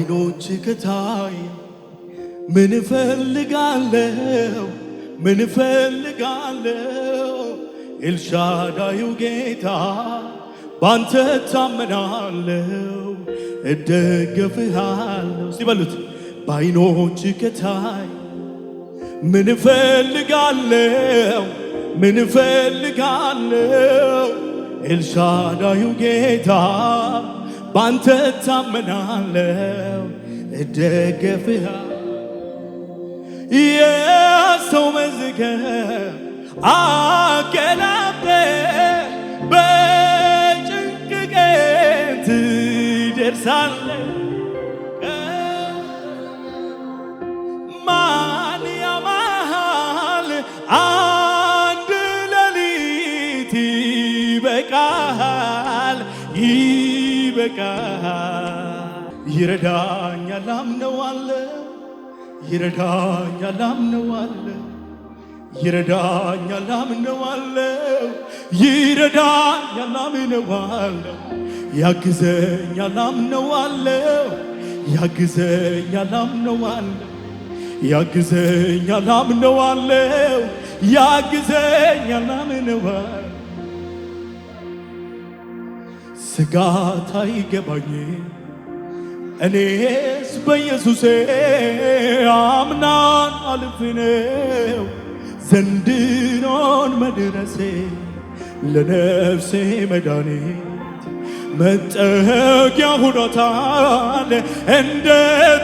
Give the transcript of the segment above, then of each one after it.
አይኖች ከታይ ምን እፈልጋለሁ ምን እፈልጋለሁ ኤልሻዳዩ ጌታ ባንተ ታመናለሁ እደገፍሃለሁ ሲበሉት በአይኖች ከታይ ምን እፈልጋለሁ ምን እፈልጋለሁ ኤልሻዳዩ ጌታ ባንተ እታመናለው እደገፍሃ የሰው መዝገ አገላበ በጭንቅ ትደርሳለ ማን ያማሃል አንድ ሌሊት ይበቃሃል ይረዳኛ ይረዳኛ ይረዳኛ ይበቃል። ይረዳኛል አምነዋለሁ፣ ይረዳኛል አምነዋለሁ፣ ይረዳኛል አምነዋለሁ፣ ይረዳኛል አምነዋለሁ፣ ያግዘኛል አምነዋለሁ፣ ያግዘኛል አምነዋለሁ፣ ያግዘኛል አምነዋለሁ፣ ያግዘኛል አምነዋለሁ ያግዘኛል አምነዋለሁ ያግዘኛል ያግዘኛ ያግዘኛል አምነዋለሁ ስጋት አይገባኝ እኔስ በኢየሱሴ አምናን አልፍኔው ዘንድኖን መድረሴ ለነፍሴ መድኃኒት መጠጊያ ሁኖታል እንደ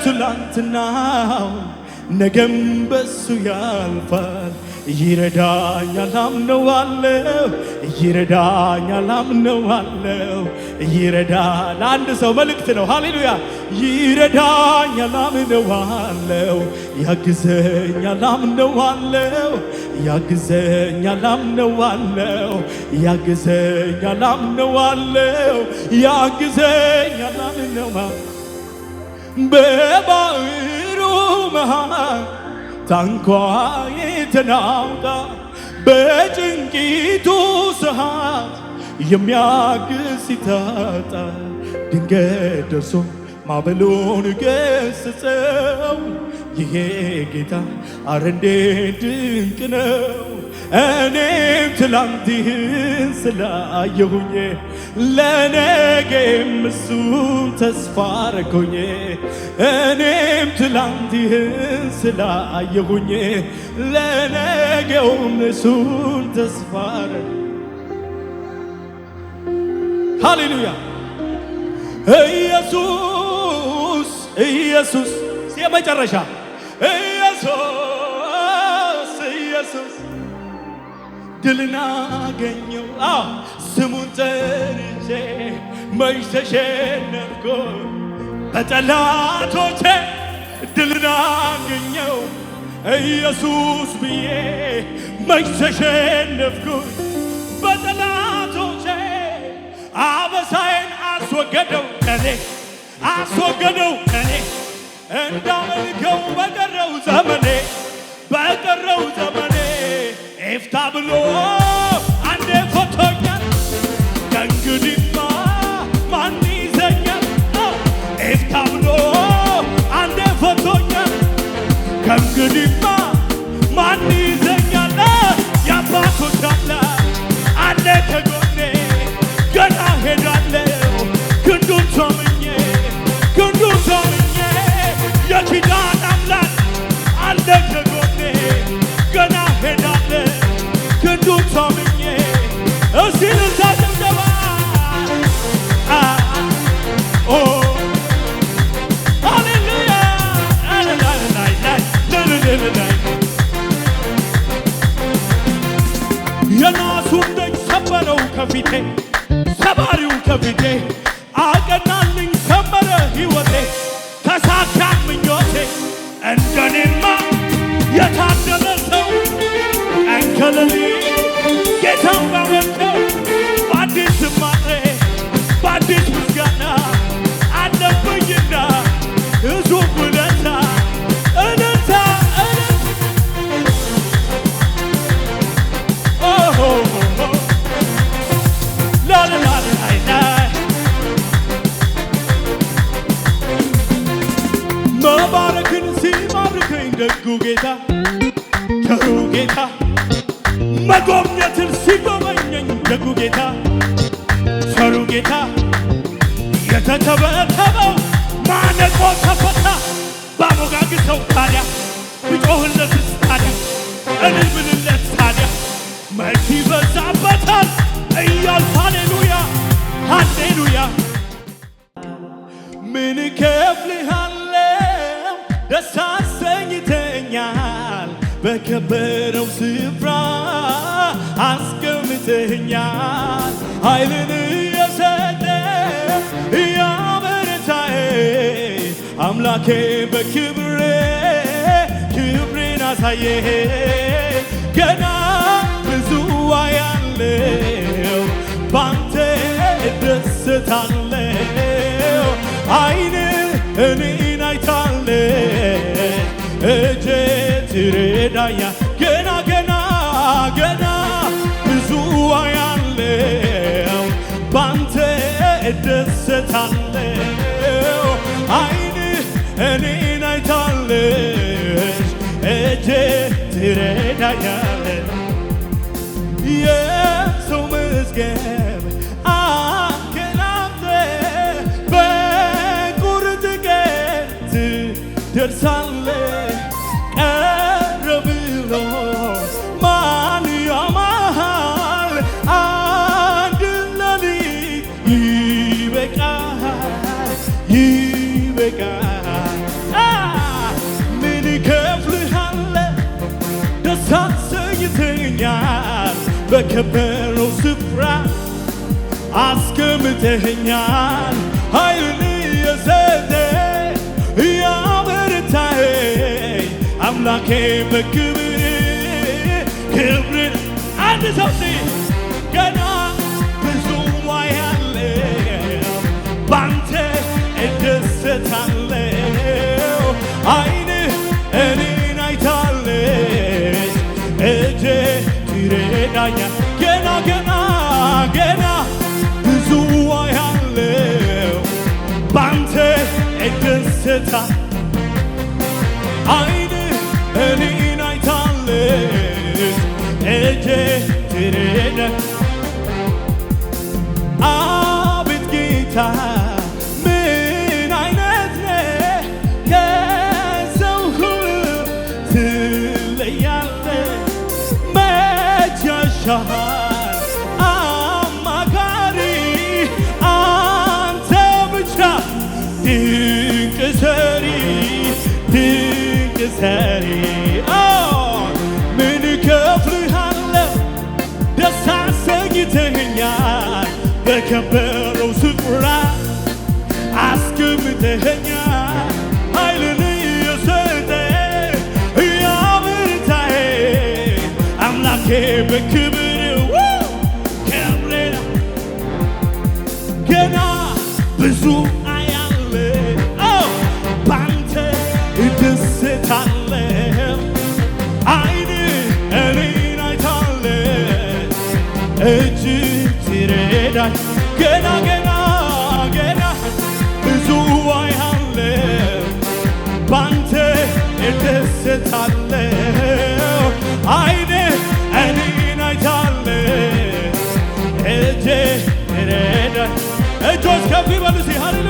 ትላንትናው ነገም በሱ ያልፋል ይረዳኛል አምነዋለሁ፣ ይረዳኛል አምነዋለሁ። ይረዳል አንድ ሰው መልእክት ነው። ሃሌሉያ ይረዳኛል አምነዋለሁ፣ ያግዘኛል አምነዋለሁ፣ ያግዘኛል አምነዋለሁ፣ ያግዘኛል አምነዋለሁ፣ ያግዘኛል አምነዋለሁ በባሕሩ መሃል ታንኳይቱን በጭንቂቱ ሰዓት የሚያግዝ ሲታጣ ድንገት ደርሶ ማዕበሉን ገሰጸው። ይሄ ጌታ አረንዴ ድንቅ ነው! እኔም ትላንትህን ስላየሁኝ ለነገም እሱን ተስፋ ረኮኝ እኔም ትላንትህን ስላየሁኝ ለነገውም እሱን ተስፋ ሃሌሉያ ኢየሱስ ኢየሱስ የመጨረሻ ኢየሱስ ድልን አገኘው ስሙን ጠርቼ መች ተሸነፍኩ በጠላቶቼ ድልን አገኘው ኢየሱስ ብዬ መች ተሸነፍኩ በጠላቶቼ አበሳዬን አስወገደው እኔ አስወገደው እኔ እንዳመልከው በቀረው ዘመኔ በቀረው ዘመኔ ኤፍታ ብሎ አንዴ ፈቶኛል። ከእንግዲህማ ማን ይዘኛል? ይፍታ ብሎ ከፊቴ ሰባሪውን ከፊቴ አቀናልኝ ሰመረ ሕይወቴ ተሳካ ምኞቴ እንደኔማ የታደለ ሰው ቀን ከሌሊት ጌታን ባመልከ ደጉ ጌታ ቸሩ ጌታ መጎብኘትን ሲጎበኘኝ ደጉ ጌታ ቸሩ ጌታ የተተበተበው ማነቆ ተፈታ ባሞጋግሰው ታዲያ ብጮህለት ታዲያ እልል ብልለት ታዲያ መች ይበዛበታል እያልኩ ሃሌሉያ ሃሌሉያ ምን ይከፍልሃል በከበረው ስፍራ አስቀምጠኸኛል። ኃይልን እየሰጠ እያበረታዬ አምላኬ በክብሬ ክብሬን አሳየህ ገና ብዙ ያለው ባንተ እደሰታለሁ ረዳኛ ገና ገና ገና ብዙ አያለው ባንተ እደሰታለው አይን እኔን አይታለች እጄ ትረዳኛለ የሰው መዝገብ አገላብጠ በቁርጥ ቀን ትደርሳል በከበረው ስፍራ አስቀምጠኸኛል። ኃይልን እየሰጠ እያበረታኸኝ አምላኬ በክብር ክብርን አንድ ሰው ገና ብዙ ያለ ባንተ እደሰታል tutar Aynı öleğin aytanlığı Ece dirine Abit gitar Şahan አስቀምጠኸኛል በከበረው ስፍራ አስቀምጠኸኛል ኃይልን እየሰጠ ያብርታዬ አምላኬ በክብር ከምሌላ ገና ብዙ viva y